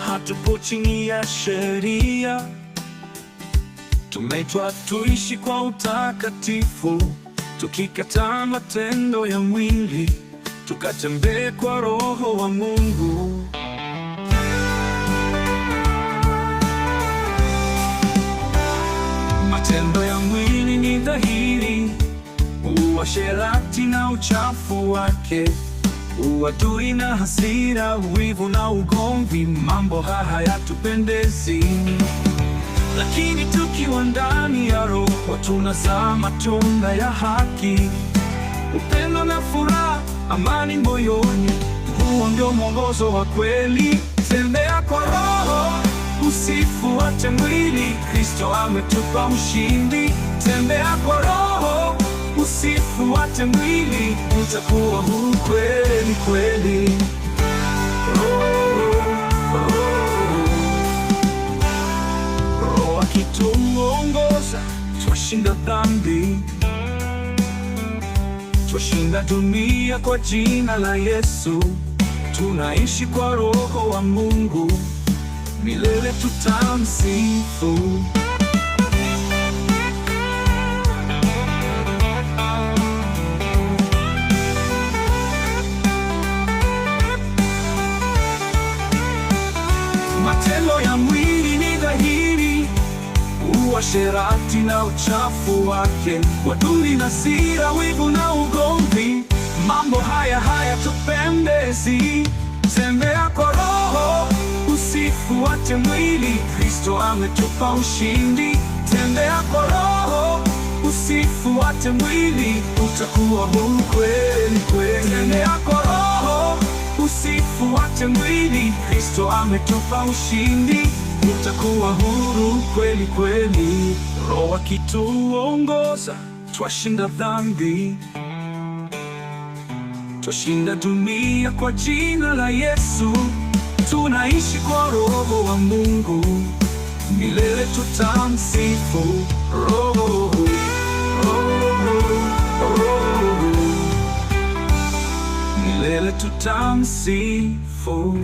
hatupo chini ya sheria, tumeitwa tuishi kwa utakatifu, tukikataa matendo ya mwili, tukatembee kwa Roho wa Mungu. Matendo ya mwili ni dhahiri, uasherati na uchafu wake uadui na hasira, wivu na ugomvi, mambo ya hayatupendezi. Lakini tukiwa ndani ya Roho tunazaa matunda ya haki, upendo na furaha, amani moyoni. Huo ndio mwongozo wa kweli. Tembea kwa Roho, usifuate mwili. Kristo ametupa ushindi. utakuwa huu kweli kweli. Roho akituongoza twashinda dhambi, twashinda dunia kwa jina la Yesu. Tunaishi kwa Roho wa Mungu, milele tutamsifu. uasherati na uchafu wake, wadui na sira, wivu na ugomvi. Mambo haya hayatupendezi. Tembea kwa Roho, usifuate mwili. Kristo ametupa ushindi. Tembea kwa Roho, usifuate mwili, utakuwa huru kweli kweli. Tembea kwa Roho, usifuate mwili. Kristo ametupa ushindi nitakuwa huru kweli kweli. Roho akituongoza twashinda dhambi, twashinda dunia kwa jina la Yesu. Tunaishi kwa Roho wa Mungu, milele tutamsifu Roho. Milele tutamsifu